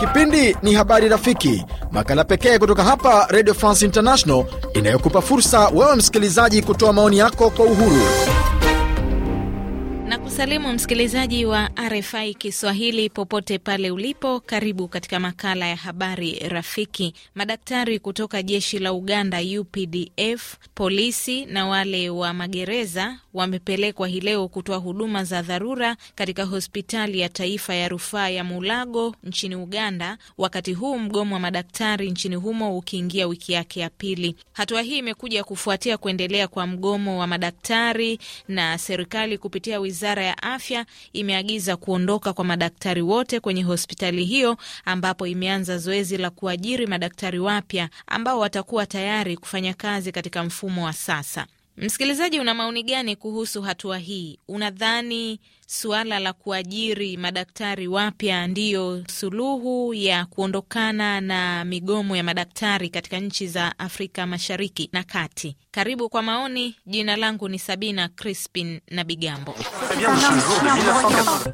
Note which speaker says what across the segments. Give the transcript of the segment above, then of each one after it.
Speaker 1: Kipindi ni Habari Rafiki, makala pekee kutoka hapa Radio France International inayokupa fursa wewe msikilizaji kutoa maoni yako kwa uhuru.
Speaker 2: kusalimu msikilizaji wa RFI Kiswahili popote pale ulipo, karibu katika makala ya habari rafiki. Madaktari kutoka jeshi la Uganda UPDF, polisi na wale wa magereza wamepelekwa hii leo kutoa huduma za dharura katika hospitali ya taifa ya rufaa ya Mulago nchini Uganda, wakati huu mgomo wa madaktari nchini humo ukiingia wiki yake ya pili. Hatua hii imekuja kufuatia kuendelea kwa mgomo wa madaktari, na serikali kupitia wizara ya afya imeagiza kuondoka kwa madaktari wote kwenye hospitali hiyo, ambapo imeanza zoezi la kuajiri madaktari wapya ambao watakuwa tayari kufanya kazi katika mfumo wa sasa. Msikilizaji, una maoni gani kuhusu hatua hii? Unadhani suala la kuajiri madaktari wapya ndiyo suluhu ya kuondokana na migomo ya madaktari katika nchi za Afrika Mashariki na Kati? Karibu kwa maoni. Jina langu ni Sabina Crispin na Bigambo.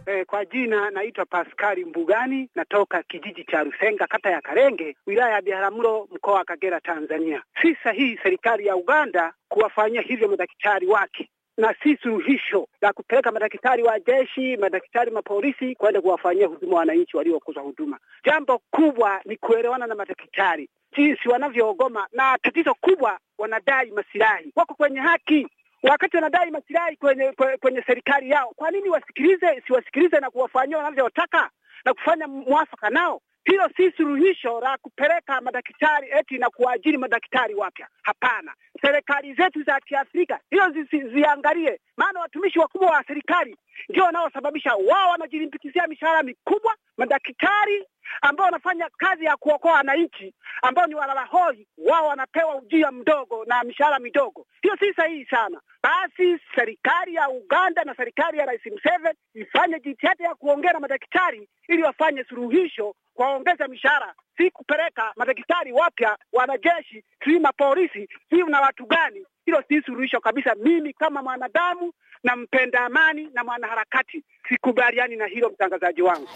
Speaker 3: E, kwa jina naitwa Paskari Mbugani, natoka kijiji cha Rusenga, kata ya Karenge, wilaya ya Biharamulo, mkoa wa Kagera, Tanzania. Si sahihi serikali ya Uganda kuwafanyia hivyo madaktari wake, na si suluhisho la kupeleka madaktari wa jeshi, madaktari mapolisi kwenda kuwafanyia huduma wananchi waliokosa huduma. Jambo kubwa ni kuelewana na madaktari jinsi wanavyoogoma, na tatizo kubwa wanadai masilahi, wako kwenye haki wakati wanadai masilahi kwenye kwenye serikali yao, kwa nini wasikilize? Siwasikilize na kuwafanyia wanavyotaka na kufanya mwafaka nao. Hilo si suluhisho la kupeleka madaktari eti na kuajiri madaktari wapya. Hapana, serikali zetu za Kiafrika hiyo zi, ziangalie, maana watumishi wakubwa wa serikali ndio wanaosababisha wao wanajilimbikizia mishahara mikubwa. Madaktari ambao wanafanya kazi ya kuokoa wananchi ambao ni walalahoi, wao wanapewa ujira mdogo na mishahara midogo. Hiyo si sahihi sana. Basi serikali ya Uganda na serikali ya Rais Museveni ifanye jitihada ya kuongea na madaktari ili wafanye suluhisho kuwaongeza mishahara, si kupeleka madaktari wapya, wanajeshi, si mapolisi, si na watu gani. Hilo si suluhisho kabisa. Mimi kama mwanadamu na mpenda amani na mwanaharakati sikubaliani na hilo, mtangazaji wangu.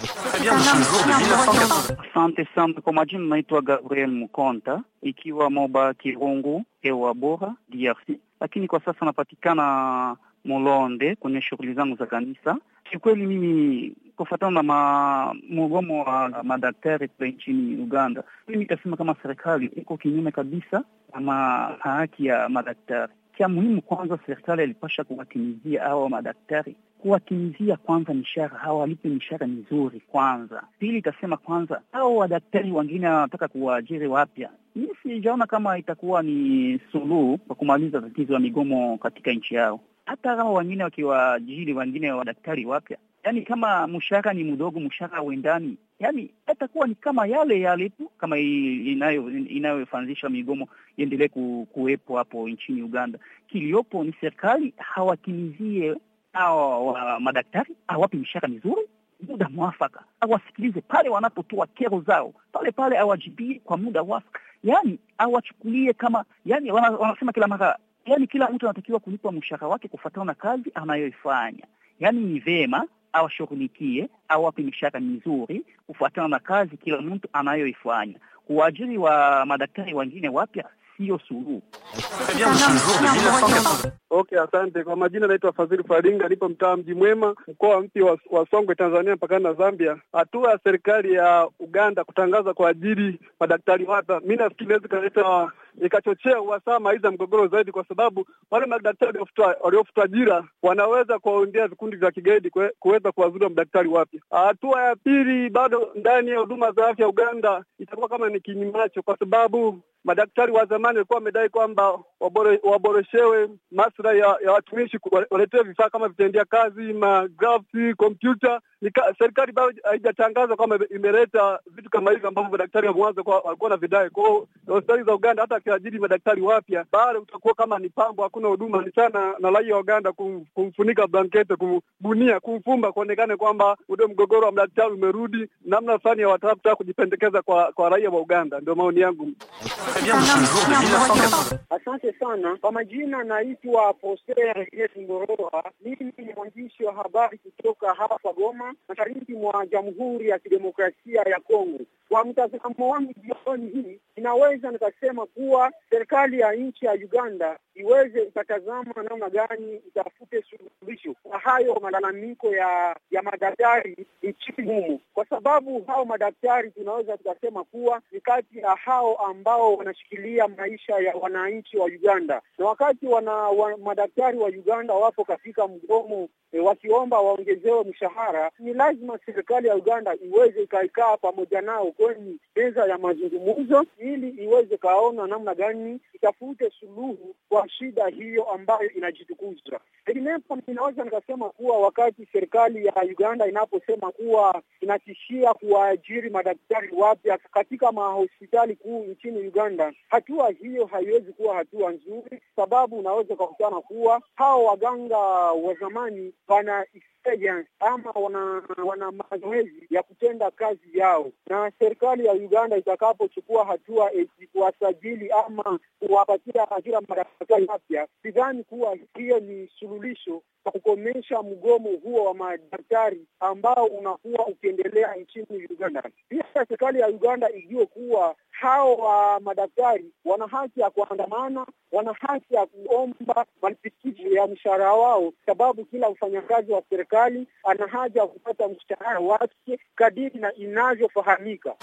Speaker 4: Asante sana kwa majina, naitwa Gabriel Mkonta, ikiwa Moba Kirungu, hewa bora, DRC, lakini kwa sasa napatikana Molonde kwenye shughuli zangu za kanisa. Kiukweli mimi kufuatana na mgomo wa madaktari kule nchini Uganda, mimi nitasema kama serikali iko kinyume kabisa ama haki ya madaktari. Cha muhimu kwanza, serikali ilipasha kuwatimizia hawa madaktari kuwatimizia kwanza mishahara hawa, walipe mishahara mizuri kwanza. Pili itasema kwanza, hao wadaktari wengine wanataka kuwaajiri wapya. Mimi sijaona kama itakuwa ni suluhu kwa kumaliza tatizo la migomo katika nchi yao hata kama wengine wakiwa jijini, wengine wadaktari wapya, yaani kama mshahara ni mdogo, mshahara wendani, yaani atakuwa ni kama yale yale tu, kama inayofanzisha migomo iendelee kuwepo hapo nchini Uganda. Kiliopo ni serikali hawatimizie hawa madaktari, hawapi mshahara mizuri muda mwafaka, awasikilize pale wanapotoa kero zao, pale pale awajibie kwa muda wafaka yani awachukulie kama yani, wanasema kila mara yani kila mtu anatakiwa kulipwa mshahara wake kufuatana na kazi anayoifanya. yani ni vema awashughulikie, awape mishahara mizuri kufuatana na kazi kila mtu anayoifanya. Kuajiri wa madaktari wengine wapya
Speaker 5: sio suluhu. Okay, asante kwa majina. Naitwa Fadhili Faringa, nipo mtaa Mji Mwema, mkoa mpya wa, Songwe, Tanzania, mpakana na Zambia. Hatua ya serikali ya Uganda kutangaza ajili madaktari wapya, mi nafikiri naweza ikaleta ikachochea uhasama, aidha mgogoro zaidi, kwa sababu wale madaktari waliofutwa ajira wanaweza kuwaongea vikundi vya kigaidi kuweza kuwazuru madaktari wapya. Hatua ya pili, bado ndani ya huduma za afya Uganda itakuwa kama ni kinyumacho, kwa sababu Madaktari wa zamani walikuwa wamedai kwamba wabore, waboreshewe maslahi ya, ya watumishi, waletewe vifaa kama vitendea kazi, magrafi, kompyuta. Serikali bado haijatangaza kwamba imeleta vitu kama hivyo ambavyo madaktari wa mwanzo walikuwa na vidai. kwao. hospitali za Uganda hata akiajiri madaktari wapya, bado utakuwa kama ni pambo, hakuna huduma. Ni sana na raia wa Uganda kum, kumfunika blankete, kumbunia, kumfumba, kuonekane kwamba ule mgogoro wa madaktari umerudi, namna fulani ya watafuta kujipendekeza kwa, kwa raia wa Uganda. Ndio maoni yangu.
Speaker 1: Asante sana kwa majina, naitwa Poster Ngoroa. Mimi ni mwandishi wa habari kutoka hapa Goma, mashariki mwa Jamhuri ya Kidemokrasia ya Kongo. Kwa mtazamo wangu jioni hii, inaweza nikasema kuwa serikali ya nchi ya Uganda iweze ikatazama namna gani itafute suluhisho kwa hayo malalamiko ya ya madaktari nchini humo, kwa sababu hao madaktari tunaweza tukasema kuwa ni kati ya hao ambao wanashikilia maisha ya wananchi wa Uganda, na wakati wana, wa, madaktari wa Uganda wapo katika mgomo e, wakiomba waongezewe mshahara, ni lazima serikali ya Uganda iweze ikaikaa pamoja nao kwenye meza ya mazungumzo, ili iweze kaona namna gani itafute suluhu kwa shida hiyo ambayo inajitukuza. Vinginevyo, ninaweza nikasema kuwa wakati serikali ya Uganda inaposema kuwa inatishia kuwaajiri madaktari wapya katika mahospitali kuu nchini Uganda, hatua hiyo haiwezi kuwa hatua nzuri, sababu unaweza ukakutana kuwa hao waganga wa zamani wana agents ama wana, wana mazoezi ya kutenda kazi yao, na serikali ya Uganda itakapochukua hatua eti kuwasajili ama kuwapatia ajira madaktari wapya, sidhani kuwa hiyo ni suluhisho kwa kukomesha mgomo huo wa madaktari ambao unakuwa ukiendelea nchini Uganda. Pia serikali ya Uganda ijue kuwa hao wa madaktari wana haki ya kuandamana, wana haki ya kuomba malimbikizo ya mshahara wao, sababu kila mfanyakazi wa serikali ana haja ya kupata mshahara wake kadiri na inavyofahamika.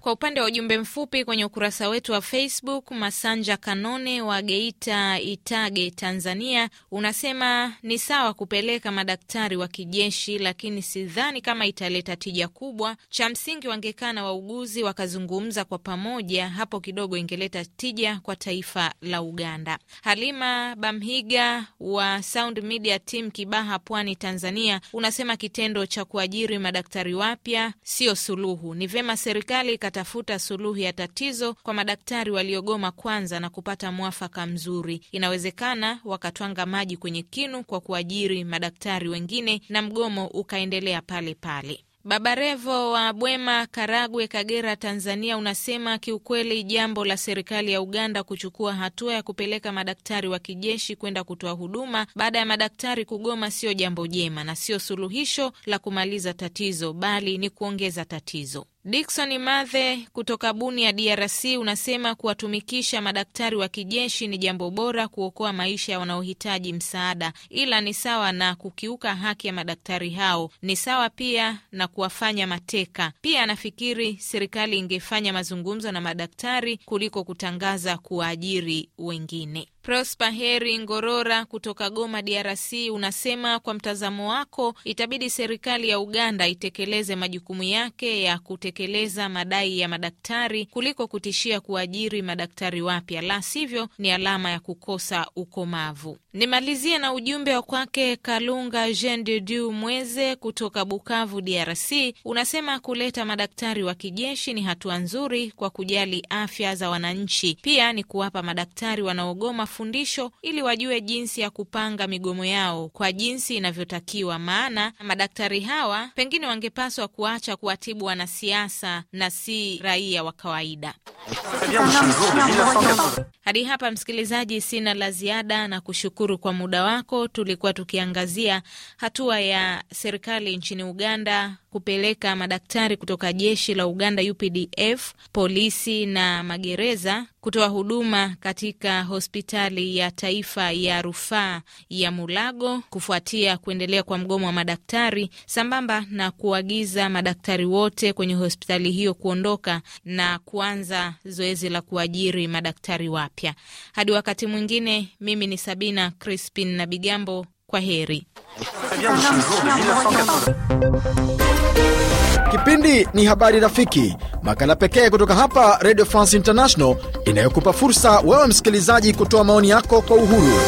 Speaker 2: Kwa upande wa ujumbe mfupi kwenye ukurasa wetu wa Facebook, Masanja Kanone wa Geita, Itage, Tanzania, unasema ni sawa kupeleka madaktari wa kijeshi, lakini sidhani kama italeta tija kubwa. Cha msingi wangekana wa wauguzi wakazungumza kwa pamoja, hapo kidogo ingeleta tija kwa taifa la Uganda. Halima Bamhiga wa Sound Media Team Kibaha, Pwani, Tanzania, unasema kitendo cha kuajiri madaktari wapya sio suluhu. Ni vyema serikali ikatafuta suluhu ya tatizo kwa madaktari waliogoma kwanza na kupata mwafaka mzuri. Inawezekana wakatwanga maji kwenye kinu kwa kuajiri madaktari wengine na mgomo ukaendelea pale pale. Baba Revo wa Bwema, Karagwe, Kagera, Tanzania, unasema kiukweli, jambo la serikali ya Uganda kuchukua hatua ya kupeleka madaktari wa kijeshi kwenda kutoa huduma baada ya madaktari kugoma sio jambo jema na sio suluhisho la kumaliza tatizo, bali ni kuongeza tatizo. Dikson Mathe kutoka buni ya DRC, unasema kuwatumikisha madaktari wa kijeshi ni jambo bora kuokoa maisha ya wanaohitaji msaada, ila ni sawa na kukiuka haki ya madaktari hao, ni sawa pia na kuwafanya mateka. Pia anafikiri serikali ingefanya mazungumzo na madaktari kuliko kutangaza kuwaajiri wengine. Prosper Heri Ngorora kutoka Goma, DRC, unasema kwa mtazamo wako, itabidi serikali ya Uganda itekeleze majukumu yake ya kutekeleza madai ya madaktari kuliko kutishia kuajiri madaktari wapya, la sivyo ni alama ya kukosa ukomavu. Nimalizie na ujumbe wa kwake Kalunga Jean de Dieu Mweze kutoka Bukavu, DRC, unasema kuleta madaktari wa kijeshi ni hatua nzuri kwa kujali afya za wananchi, pia ni kuwapa madaktari wanaogoma mafundisho ili wajue jinsi ya kupanga migomo yao kwa jinsi inavyotakiwa, maana madaktari hawa pengine wangepaswa kuacha kuwatibu wanasiasa na si raia wa kawaida. Hadi hapa msikilizaji, sina la ziada na kushukuru kwa muda wako. Tulikuwa tukiangazia hatua ya serikali nchini Uganda kupeleka madaktari kutoka jeshi la Uganda UPDF, polisi na magereza kutoa huduma katika hospitali ya taifa ya rufaa ya Mulago kufuatia kuendelea kwa mgomo wa madaktari sambamba na kuagiza madaktari wote kwenye hospitali hiyo kuondoka na kuanza zoezi la kuajiri madaktari wapya. Hadi wakati mwingine, mimi ni Sabina Crispin na Bigambo, kwa heri.
Speaker 1: Kipindi ni Habari Rafiki, makala pekee kutoka hapa Radio France International inayokupa fursa wewe msikilizaji kutoa maoni yako kwa uhuru.